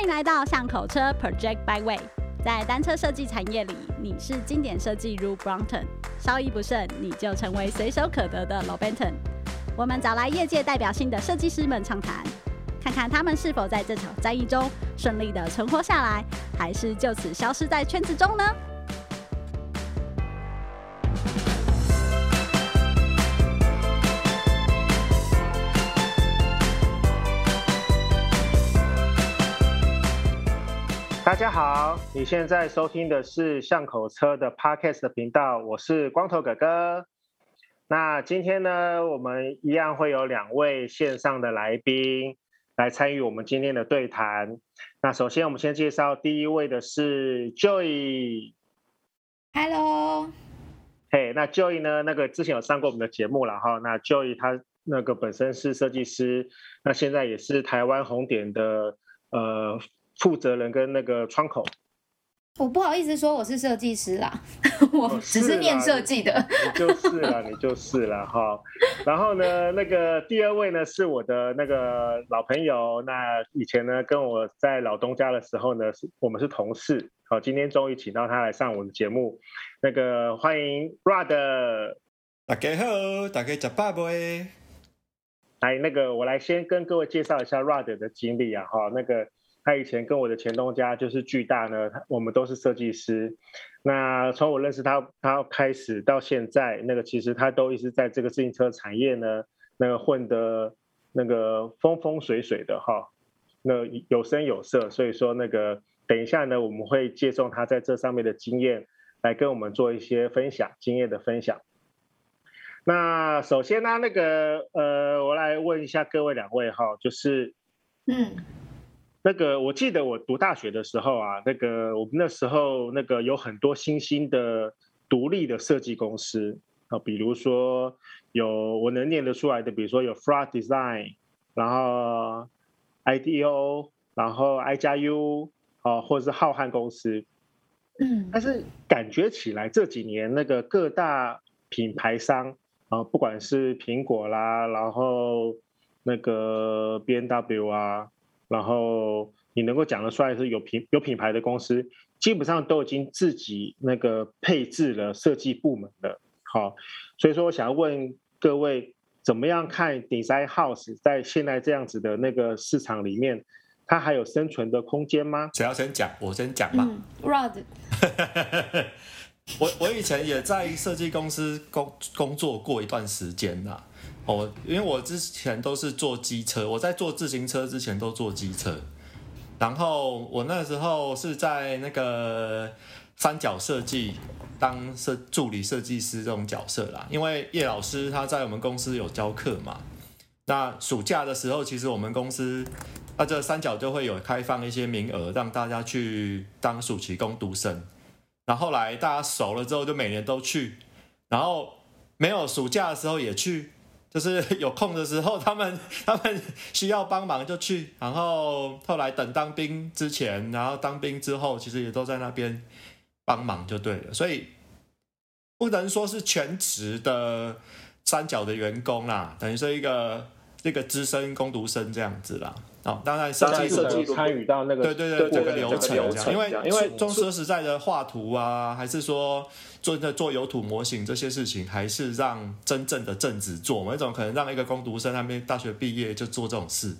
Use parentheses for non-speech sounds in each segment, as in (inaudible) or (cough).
歡迎來到巷口車 Project Bikeway。在單車設計產業裡，你是經典設計如 Brompton，稍一不慎，你就成為隨手可得的 Lobanton。我們找來業界代表性的設計師們暢談，看看他們是否在這場戰役中順利的存活下來，還是就此消失在圈子中呢？大家好，你現在收聽的是巷口車的 Podcast 的頻道，我是光頭哥哥。那今天呢，我們一樣會有兩位線上的來賓來參與我們今天的對談。那首先，我們先介紹第一位的是 Joy。Hello。嘿，那 Joy 呢？那個之前有上過我們的節目了哈。那 Joy 他那個本身是設計師，那現在也是台灣紅點的呃。負責人跟那個窗口，我不好意思說我是設計師啦，我只是念設計的、哦，你就是啦，你就是啦，哈 (laughs) 然後呢，那個第二位呢是我的那個老朋友，那以前呢跟我在老東家的時候呢，我們是同事，好，今天終於請到他來上我們的節目，那個歡迎 Rod，大家好，大家吃飯不？哎，那個我來先跟各位介紹一下 Rod 的經歷啊，哈，那個。他以前跟我的前東家就是巨大呢，我們都是設計師。那從我認識他，他開始到現在，那個其實他都一直在這個自行車產業呢，那個混得那個風風水水的哈，那個、有聲有色。所以說那個等一下呢，我們會借重他在這上面的經驗，來跟我們做一些分享，經驗的分享。那首先呢、啊，那個呃，我來問一下各位兩位哈，就是嗯。那個我記得我讀大學的時候啊，那個我們那時候那個有很多新興的獨立的設計公司啊，比如說有我能念得出來的，比如說有 frog Design，然後 IDEO，然後 I 加 U 啊，或者是浩瀚公司。但是感覺起來這幾年那個各大品牌商啊，不管是蘋果啦，然後那個 BMW 啊。然後你能夠講得出來，是有品有品牌的公司，基本上都已經自己那個配置了設計部門了，好，所以說我想要問各位，怎麼樣看 Design House 在現在這樣子的那個市場裡面，它還有生存的空間嗎？誰要先講？我先講嘛，嗯。Rod (laughs) 我我以前也在設計公司工工作過一段時間啦，哦，因為我之前都是做機車，我在做自行車之前都做機車，然後我那時候是在那個三角設計當設助理設計師這種角色啦，因為葉老師他在我們公司有教課嘛，那暑假的時候，其實我們公司那這三角就會有開放一些名額讓大家去當暑期工讀生。然後來大家熟了之後，就每年都去，然後沒有暑假的時候也去，就是有空的時候，他們他們需要幫忙就去。然後後來等當兵之前，然後當兵之後，其實也都在那邊幫忙就對了。所以不能說是全職的三角的員工啦，等於說一個。那個資深工讀生這樣子啦，哦，當然設計是參與到那個對對對,對,對,對整個流程,這樣、這個流程這樣，因為因為說實在的畫圖啊，還是說做在做油土模型這些事情，還是讓真正的正職做某一種可能讓一個工讀生還沒大學畢業就做這種事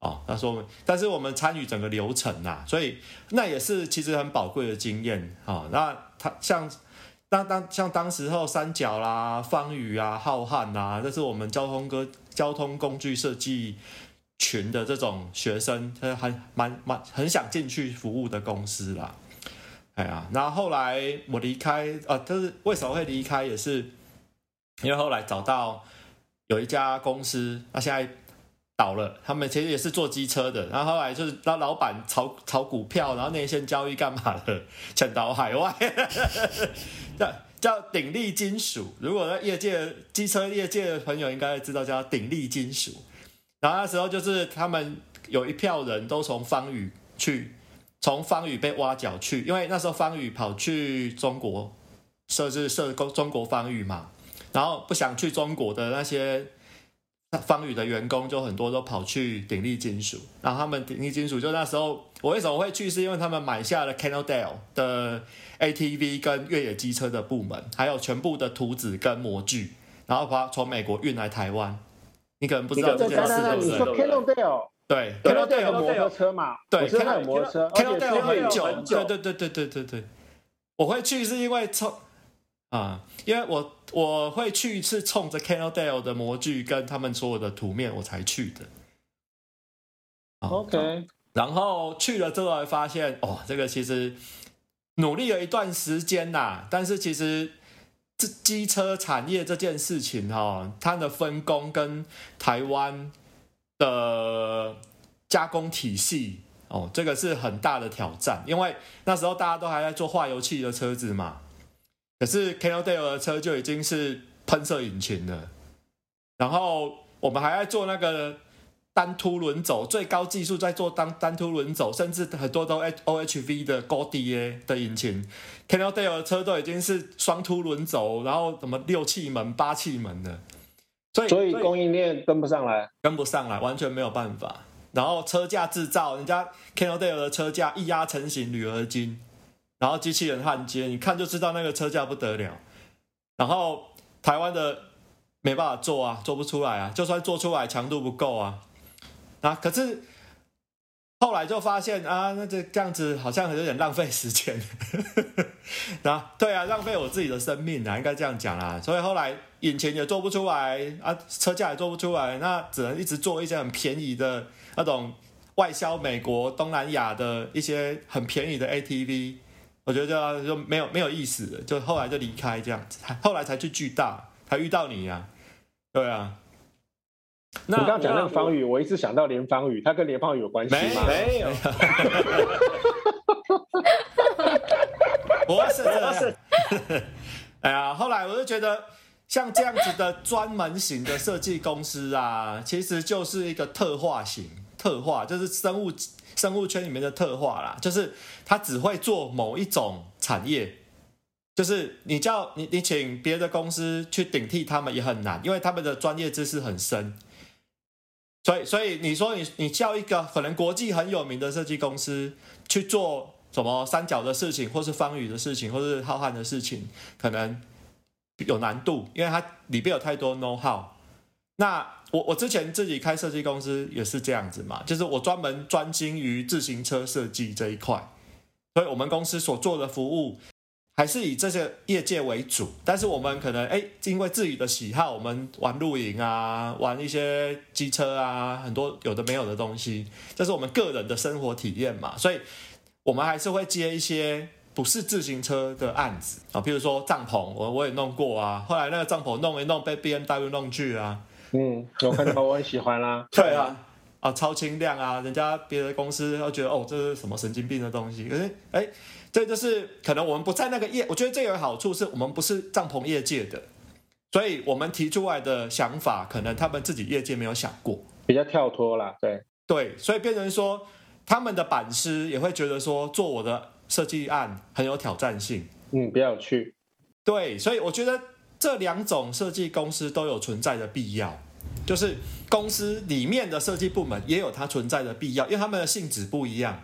哦，那說，但是我們參與整個流程吶、啊，所以那也是其實很寶貴的經驗啊、哦。那他像當當像當時候三角啦、方宇啊、浩瀚吶、啊，那是我們交通哥。交通工具設計群的這種學生，他還蠻蠻很想進去服務的公司啦。哎呀，然後後來我離開，啊，就是為什麼會離開，也是因為後來找到有一家公司，那、啊、現在倒了。他們其實也是做機車的，然後後來就是讓老闆炒炒股票，然後內線交易幹嘛的，潛逃海外。 (laughs) 叫鼎力金屬，如果在業界，機車業界的朋友應該知道叫鼎力金屬。然後那時候就是他們有一票人都從方宇去，從方宇被挖角去，因為那時候方宇跑去中國設置設中國方宇嘛，然後不想去中國的那些。方宇的員工就很多都跑去鼎立金屬，然後他們鼎立金屬就那時候，我為什麼會去？是因為他們買下了 Cannondale 的 ATV 跟越野機車的部門，還有全部的圖紙跟模具，然後把它從美國運來台灣。你可能不知道這件事情。你說 Cannondale，對 Cannondale 摩托車嘛？對 Cannondale 摩托車 Cannondale 很久，對對對對對對對。我會去是因為從啊、嗯，因為我我會去一次，衝着 Cannondale 的模具跟他們所有的圖面我才去的、嗯。OK，然後去了之後還發現，哦，這個其實努力了一段時間啦、啊，但是其實這機車產業這件事情哈、哦，它的分工跟台灣的加工體系哦，這個是很大的挑戰，因為那時候大家都還在做化油器的車子嘛。可是 Cannondale 的車就已經是噴射引擎了，然後我們還在做那個單凸輪軸，最高技術在做單單凸輪軸，甚至很多都 OHV 的高低耶的引擎。Cannondale 的車都已經是雙凸輪軸，然後什麼六氣門、八氣門的，所以所以供應鏈跟不上來，跟不上來，完全沒有辦法。然後車架制造，人家 Cannondale 的車架一壓成型鋁合金。然後機器人焊接，你看就知道那個車架不得了。然後台灣的沒辦法做啊，做不出來啊，就算做出來強度不夠啊。啊，可是後來就發現啊，那這這樣子好像有點浪費時間呵呵。啊，對啊，浪費我自己的生命啊，應該這樣講啦，啊。所以後來引擎也做不出來啊，車架也做不出來，那只能一直做一些很便宜的、那種外銷美國、東南亞的一些很便宜的 ATV。我覺得就沒有沒有意思，就後來就離開這樣子，後來才去巨大，才遇到你呀、啊，對啊。那你剛剛講那個方宇，我一直想到連方宇，他跟連方宇有關係嗎？沒有。不是，不是，哎呀，後來我就覺得像這樣子的專門型的設計公司啊，其實就是一個特化型，特化就是生物。生物圈裡面的特化啦，就是它只會做某一種產業，就是你叫你你請別的公司去頂替他們也很難，因為他們的專業知識很深，所以所以你說你你叫一個可能國際很有名的設計公司去做什麼三角的事情，或是方宇的事情，或是浩瀚的事情，可能有難度，因為它裡面有太多 know how，那我我之前自己開設計公司也是這樣子嘛，就是我專門專精於自行車設計這一塊，所以我們公司所做的服務還是以這些業界為主。但是我們可能哎，因為自己的喜好，我們玩露營啊，玩一些機車啊，很多有的沒有的東西，這是我們個人的生活體驗嘛。所以，我們還是會接一些不是自行車的案子啊，比如說帳篷，我我也弄過啊，後來那個帳篷弄一弄被 BMW 弄去啊。嗯，有可能我很喜歡啦、啊。 (laughs) 對啊，啊，超輕量啊，人家別的公司都覺得哦，這是什麼神經病的東西。可是，哎，這就是可能我們不在那個業，我覺得這有好處，是我們不是帳篷業界的，所以我們提出來的想法，可能他們自己業界沒有想過，比較跳脫啦。對對，所以變成說，他們的版師也會覺得說，做我的設計案很有挑戰性，嗯，比較有趣。對，所以我覺得這兩種設計公司都有存在的必要。就是公司裡面的設計部門也有它存在的必要，因為他們的性質不一樣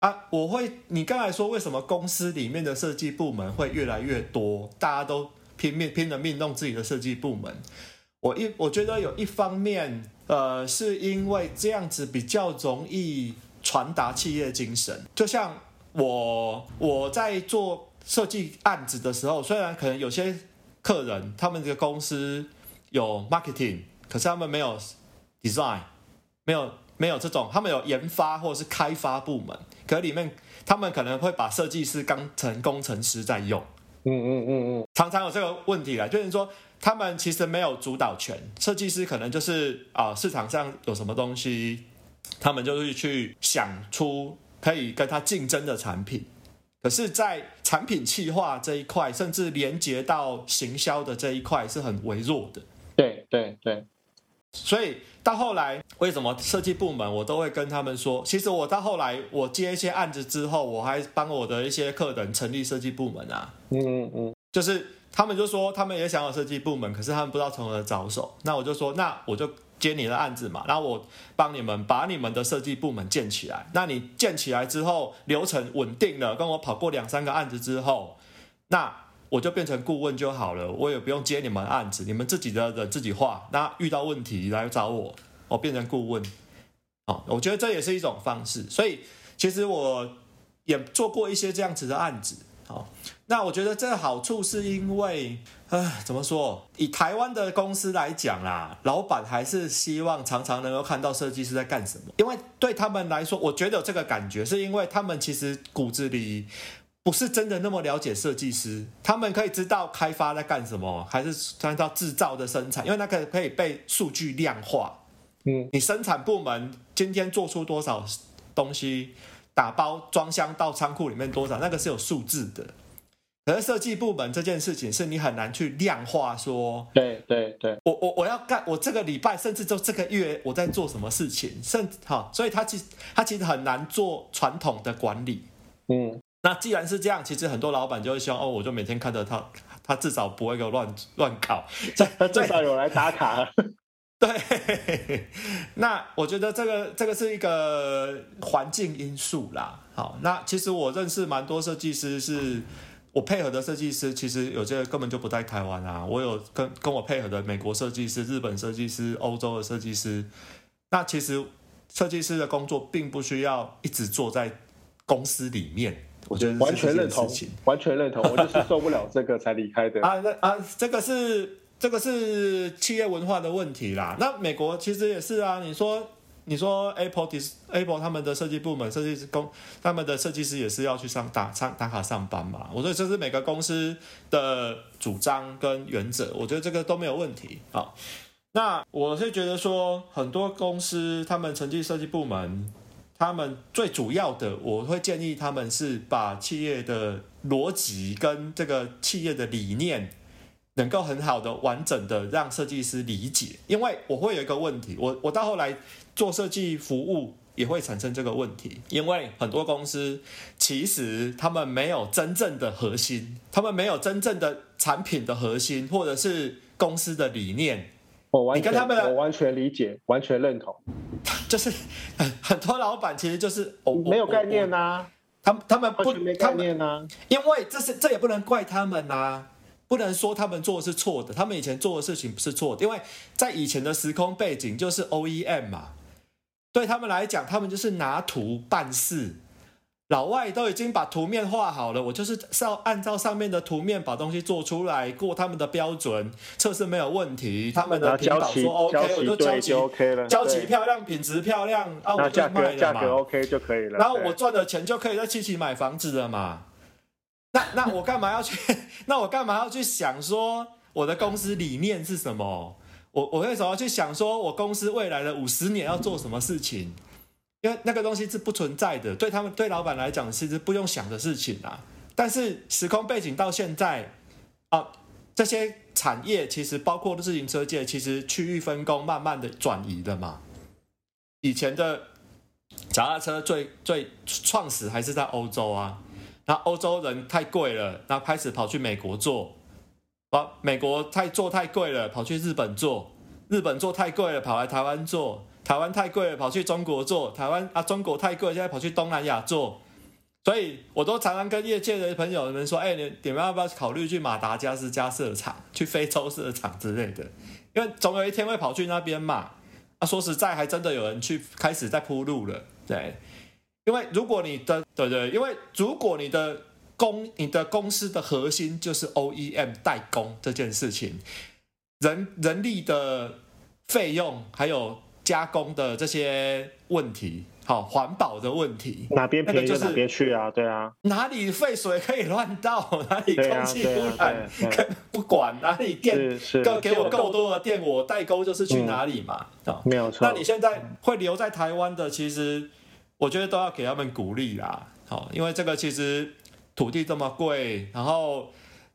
啊。我會，你剛才說為什麼公司裡面的設計部門會越來越多，大家都拼命拼了命弄自己的設計部門？我一我覺得有一方面，呃，是因為這樣子比較容易傳達企業精神。就像我我在做設計案子的時候，雖然可能有些客人他們這個公司。有 marketing，可是他們沒有 design，沒有沒有這種，他們有研發或者是開發部門，可是裡面他們可能會把設計師當成工程師在用，嗯嗯嗯嗯，常常有這個問題啊，就是說他們其實沒有主導權，設計師可能就是啊、呃、市場上有什麼東西，他們就會去想出可以跟他競爭的產品，可是，在產品企劃這一塊，甚至連接到行銷的這一塊是很微弱的。對對，所以到後來，為什麼設計部門我都會跟他們說，其實我到後來，我接一些案子之後，我還幫我的一些客人成立設計部門啊。嗯嗯嗯，就是他們就說他們也想有設計部門，可是他們不知道從何着手。那我就說，那我就接你的案子嘛，然後我幫你們把你們的設計部門建起來。那你建起來之後，流程穩定了，跟我跑過兩三個案子之後，那。我就變成顧問就好了，我也不用接你們的案子，你們自己的人自己畫，那遇到問題來找我，我變成顧問，好，我覺得這也是一種方式，所以其實我也做過一些這樣子的案子，好，那我覺得這好處是因為，唉，怎麼說？以台灣的公司來講啦，老板還是希望常常能夠看到設計師在幹什麼，因為對他們來說，我覺得有這個感覺是因為他們其實骨子裡。不是真的那麼了解設計師，他們可以知道開發在幹什麼，還是知道製造的生產，因為那個可以被數據量化。嗯，你生產部門今天做出多少東西，打包裝箱到倉庫裡面多少，那個是有數字的。可是設計部門這件事情，是你很難去量化說。對對對，我我我要幹，我這個禮拜甚至就這個月我在做什麼事情，甚哈、哦。所以他其他其實很難做傳統的管理。嗯。那既然是這樣，其實很多老闆就會希望哦，我就每天看着他，他至少不會給我亂亂搞，他至少有來打卡。 (laughs) 對，那我覺得這個這個是一個環境因素啦。好，那其實我認識蠻多設計師是，是、嗯、我配合的設計師，其實有些根本就不在台灣啦，啊。我有跟跟我配合的美國設計師、日本設計師、歐洲的設計師。那其實設計師的工作並不需要一直坐在公司裡面。我覺得這是這完全認同，完全認同，我就是受不了這個才離開的 (laughs) 啊。那啊，啊，這個是這個是企業文化的問題啦。那美國其實也是啊。你說你說 Apple dis Apple 他們的設計部門設計師工，他們的設計師也是要去上打上打，打卡上班嘛？我覺得這是每個公司的主張跟原則，我覺得這個都沒有問題啊。那我是覺得說，很多公司他們成立設計部門。他們最主要的，我會建議他們是把企業的邏輯跟這個企業的理念，能夠很好的、完整的讓設計師理解。因為我會有一個問題，我我到後來做設計服務也會產生這個問題，因為很多公司其實他們沒有真正的核心，他們沒有真正的產品的核心，或者是公司的理念。我完全我完全理解，完全認同，就是很多老闆其實就是、哦、沒有概念吶、啊，他們沒概念、啊、他們不他們吶，因為這是這也不能怪他們吶、啊，不能說他們做的是錯的，他們以前做的事情不是錯的，因為在以前的時空背景就是 OEM 嘛，對他們來講，他們就是拿圖辦事。老外都已經把圖面畫好了，我就是照按照上面的圖面把東西做出來，過他們的標準測試沒有問題，他們的領導說 OK，我就交期 OK 了，交期漂亮，品質漂亮，啊，我就賣了嘛。那價，價格 OK 就可以了。然後我賺的錢就可以在七期買房子了嘛。那那我幹嘛要去？ (laughs) 那我幹嘛要去想說我的公司理念是什麼？我我為什麼要去想說我公司未來的五十年要做什麼事情？嗯。因為那個東西是不存在的，對他們、對老闆來講，其實不用想的事情啊。但是時空背景到現在啊，呃，這些產業其實包括自行車界，其實區域分工慢慢的轉移的嘛。以前的腳踏車最最創始還是在歐洲啊，那歐洲人太貴了，那開始跑去美國做，啊，美國太做太貴了，跑去日本做，日本做太貴了，跑來台灣做。台灣太貴了，跑去中國做；台灣啊，中國太貴，現在跑去東南亞做。所以，我都常常跟業界的朋友們說：“哎、欸，你你們要不要考慮去馬達加斯加設廠，去非洲設廠之類的？因為總有一天會跑去那邊嘛。”啊，說實在，還真的有人去開始在鋪路了。對，因為如果你的對，對對，因為如果你的公你的公司的核心就是 OEM 代工這件事情，人人力的費用還有。加工的這些問題，好環保的問題，哪邊便宜、那個、就是、哪邊去啊，對啊，哪裡廢水可以亂倒，哪裡空氣污染、啊啊啊啊、可不管，哪裡電夠給我夠多的電，我代溝就是去哪裡嘛，啊、嗯喔，沒有錯。那你現在會留在台灣的，其實我覺得都要給他們鼓勵啦，好、喔，因為這個其實土地這麼貴，然後。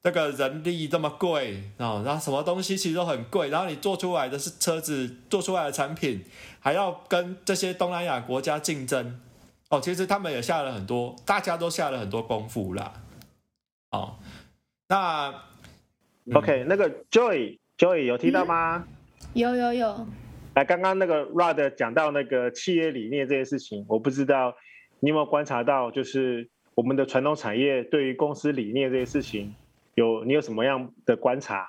那、這個人力這麼貴、哦、然後什麼東西其實都很貴，然後你做出來的是車子，做出來的產品還要跟這些東南亞國家競爭哦。其實他們也下了很多，大家都下了很多功夫啦。哦、那、嗯、OK，那個 Joy，Joy Joy, 有聽到嗎？有有有。來，剛剛那個 Rod 講到那個企業理念這些事情，我不知道你有沒有觀察到，就是我們的傳統產業對於公司理念這些事情。有你有什麼樣的觀察？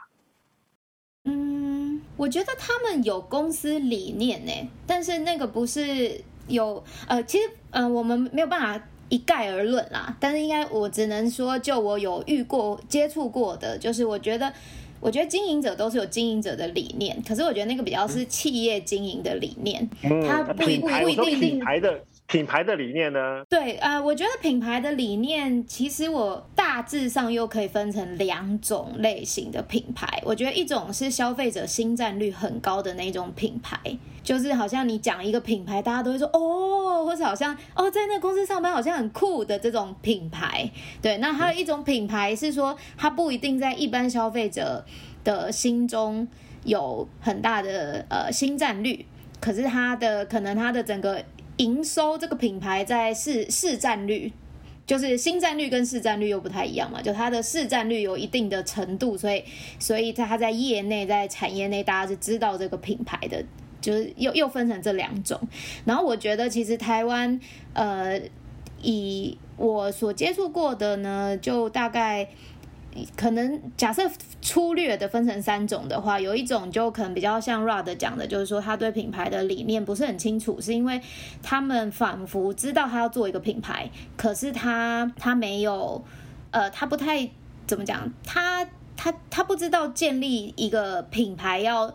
嗯，我覺得他們有公司理念呢、欸，但是那個不是有呃，其實嗯、呃，我們沒有辦法一概而論啦。但是應該我只能說，就我有遇過接觸過的，就是我覺得，我覺得經營者都是有經營者的理念，可是我覺得那個比較是企業經營的理念，嗯、它不一不不一定。啊品牌的理念呢？對，呃，我覺得品牌的理念其實我大致上又可以分成兩種類型的品牌。我覺得一種是消費者心占率很高的那種品牌，就是好像你講一個品牌，大家都會說哦，或是好像哦，在那公司上班好像很酷的這種品牌。對，那還有一種品牌是說，它不一定在一般消費者的心中有很大的呃心占率，可是它的可能它的整個。營收，這個品牌在市市佔率，就是心占率跟市占率又不太一樣嘛，就它的市占率有一定的程度，所以所以它在業內在產業內，大家是知道這個品牌的，就是又又分成這兩種。然後我覺得其實台灣呃，以我所接觸過的呢，就大概。可能假設粗略的分成三種的話，有一種就可能比較像 Rod 講的，就是說他對品牌的理念不是很清楚，是因為他們仿佛知道他要做一個品牌，可是他他沒有，呃，他不太怎麼講，他他他不知道建立一個品牌要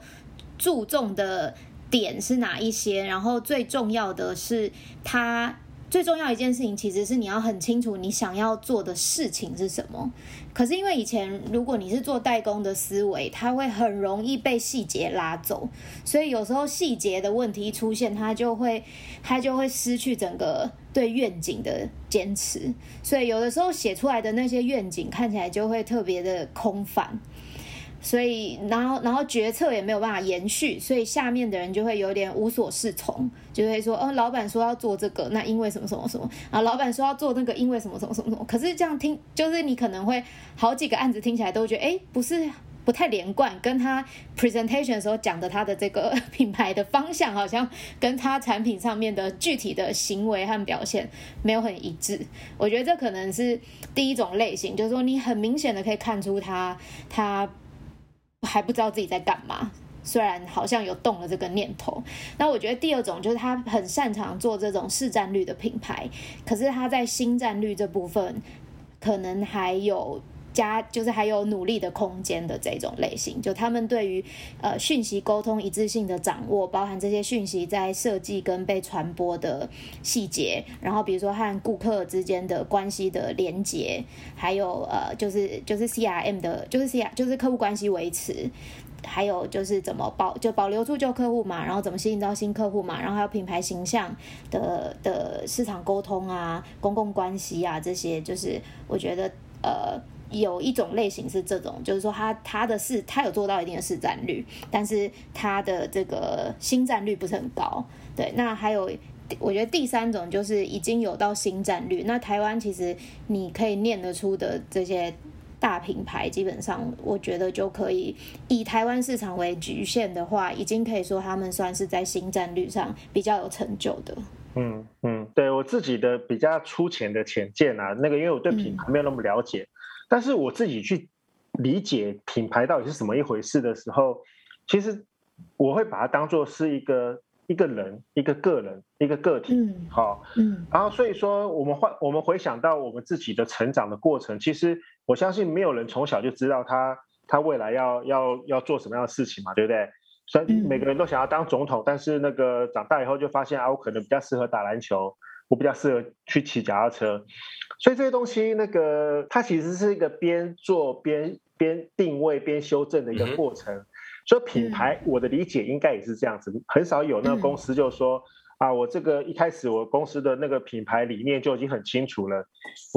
注重的點是哪一些，然後最重要的是他。最重要一件事情，其實是你要很清楚你想要做的事情是什麼。可是因為以前如果你是做代工的思維，它會很容易被細節拉走，所以有時候細節的問題出現，它就會它就會失去整個對願景的堅持。所以有的時候寫出來的那些願景看起來就會特別的空泛。所以，然後，然後決策也沒有辦法延續，所以下面的人就會有點無所適從，就會說，哦，老板說要做這個，那因為什麼什麼什麼啊？然後老板說要做那個，因為什麼什麼什麼什麼？可是這樣聽，就是你可能會好幾個案子聽起來都覺得，哎，不是不太連貫，跟他 presentation 的時候講的他的這個品牌的方向好像跟他產品上面的具體的行為和表現沒有很一致。我覺得這可能是第一種類型，就是說你很明顯的可以看出他，他。還不知道自己在幹嘛，雖然好像有動了這個念頭。那我覺得第二種就是他很擅長做這種市占率的品牌，可是他在新佔率這部分可能還有。加就是還有努力的空間的這種類型，就他們對於呃訊息溝通一致性的掌握，包含這些訊息在設計跟被傳播的細節，然後比如說和顧客之間的關係的連結，還有呃就是就是 C R M 的，就是 C R 就是客戶關係維持，還有就是怎麼保就保留住舊客戶嘛，然後怎麼吸引到新客戶嘛，然後還有品牌形象的的市場溝通啊，公共關係啊這些，就是我覺得呃。有一種類型是這種，就是說他他的市，他有做到一定的市占率，但是他的這個心佔率不是很高。對，那還有，我覺得第三種就是已經有到心佔率。那台灣其實你可以念得出的這些大品牌，基本上我覺得就可以，以台灣市場為局限的話，已經可以說他們算是在心佔率上比較有成就的。嗯嗯，對，我自己的比較粗淺的淺見啊，那個因為我對品牌沒有那麼了解。嗯但是我自己去理解品牌到底是怎麼一回事的時候，其實我會把它當做是一個一個人、一個個人、一個個體，嗯，好，嗯。然後所以說，我們換我們回想到我們自己的成長的過程，其實我相信沒有人從小就知道他他未來要要要做什麼樣的事情嘛，對不對？所以每個人都想要當總統，但是那個長大以後就發現啊，我可能比較適合打籃球，我比較適合去騎腳踏車。所以這些東西，那個它其實是一個邊做邊邊定位邊修正的一個過程。所以品牌，我的理解應該也是這樣子。很少有那個公司就說啊，我這個一開始我公司的那個品牌理念就已經很清楚了。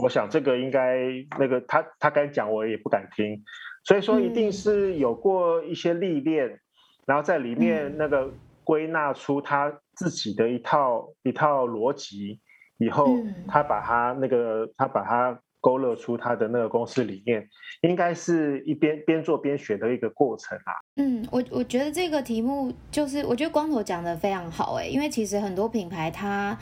我想這個應該那個他他敢講，我也不敢聽。所以說，一定是有過一些歷練，然後在裡面那個歸納出他自己的一套一套邏輯。以後，他把他那個，他把他勾勒出他的那個公司理念，應該是一邊邊做邊學的一個過程啊。嗯，我我覺得這個題目就是，我覺得光頭講的非常好哎，因為其實很多品牌它，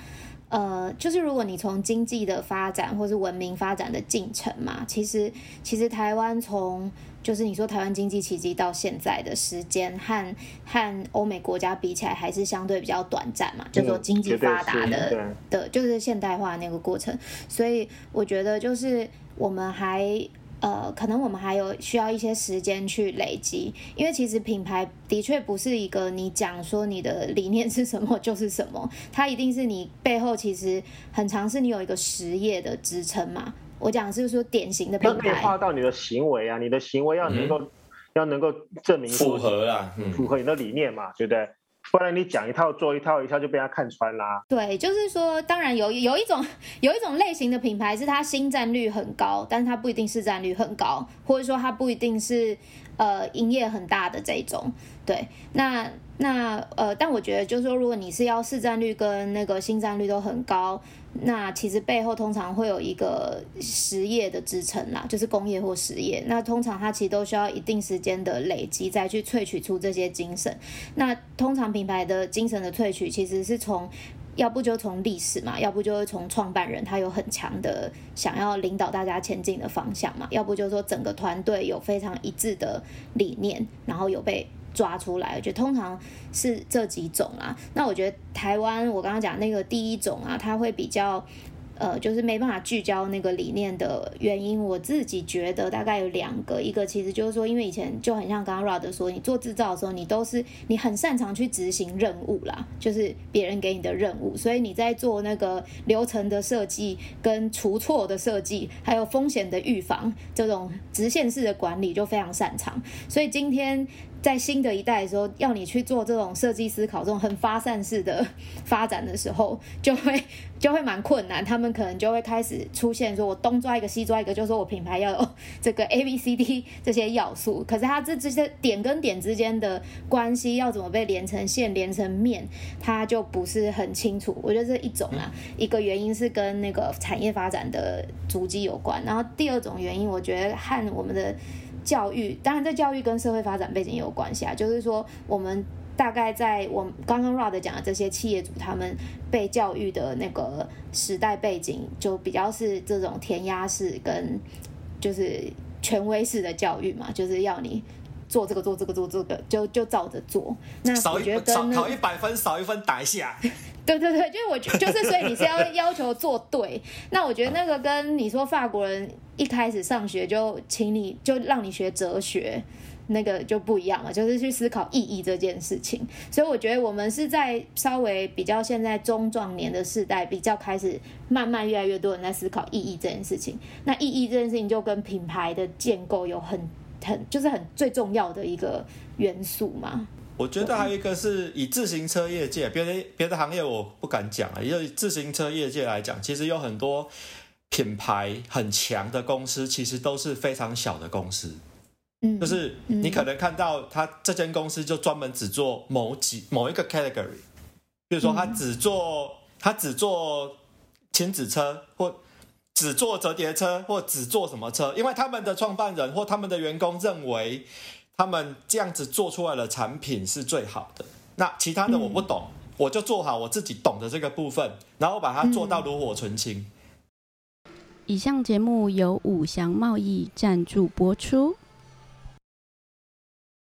呃，就是如果你從經濟的發展或是文明發展的進程嘛，其實其實台灣從。就是你說台灣經濟奇蹟到現在的時間和和歐美國家比起來，還是相對比較短暫嘛。就是，說經濟發達的，對，就是現代化那個過程。所以我覺得就是我們還呃，可能我們還有需要一些時間去累積，因為其實品牌的確不是一個你講說你的理念是什麼就是什麼，它一定是你背後其實很常是你有一個實業的支撐嘛。我講是說典型的品牌，要變化到你的行為啊，你的行為要能夠、嗯、要能夠證明符合啊，符、嗯、合你的理念嘛，對不對？不然你講一套做一套，一下就被他看穿啦、啊。對，就是說，當然有有一種有一種類型的品牌是它心占率很高，但是它不一定市占率很高，或者說它不一定是。呃，營業很大的這一種，對，那那呃，但我覺得就是說，如果你是要市占率跟那個心佔率都很高，那其實背後通常會有一個實業的支撐啦，就是工業或實業。那通常它其實都需要一定時間的累積，再去萃取出這些精神。那通常品牌的精神的萃取，其實是從。要不就從歷史嘛，要不就是從創辦人他有很強的想要領導大家前進的方向嘛，要不就是說整個團隊有非常一致的理念，然後有被抓出來，就通常是這幾種啊。那我覺得台灣，我剛剛講那個第一種啊，他會比較。呃，就是沒辦法聚焦那個理念的原因，我自己覺得大概有兩個，一個其實就是說，因為以前就很像剛剛 Rod 說，你做製造的時候，你都是你很擅長去執行任務啦，就是別人給你的任務，所以你在做那個流程的設計、跟除錯的設計，還有風險的預防這種直線式的管理就非常擅長，所以今天。在新的一代的時候，要你去做這種設計思考、這種很發散式的發展的時候，就會就會蠻困難。他們可能就會開始出現說，我東抓一個，西抓一個，就說我品牌要有這個 A、B、C、D 這些要素。可是它這這些點跟點之間的關係要怎麼被連成線、連成面，它就不是很清楚。我覺得這一種啊，一個原因是跟那個產業發展的足跡有關，然後第二種原因，我覺得和我們的。教育當然，這教育跟社會發展背景也有關係啊。就是說，我們大概在我們剛剛 Rod 講的這些企業主，他們被教育的那個時代背景，就比較是這種填鴨式跟就是權威式的教育嘛，就是要你做這個做這個做這個，就就照着做。那我覺得、那個、考一百分少一分打一下。 (laughs) 對對對，就是我就是所以你是要要求做對。 (laughs) 那我覺得那個跟你說法國人。一開始上學就請你就讓你學哲學，那個就不一樣了，就是去思考意義這件事情。所以我覺得我們是在稍微比較現在中壯年的時代，比較開始慢慢越來越多人在思考意義這件事情。那意義這件事情就跟品牌的建構有很很就是很最重要的一個元素嘛。我覺得還有一個是以自行車業界，別的別的行業我不敢講啊、欸，因為自行車業界來講，其實有很多。品牌很強的公司其實都是非常小的公司，嗯，就是你可能看到他這間公司就專門只做某幾某一個 category，比如說他只做他，嗯，只做親子車或只做折疊車或只做什麼車，因為他們的創辦人或他們的員工認為他們這樣子做出來的產品是最好的。那其他的我不懂，嗯，我就做好我自己懂的這個部分，然後把它做到爐火純青。嗯嗯以上節目由五祥貿易贊助播出。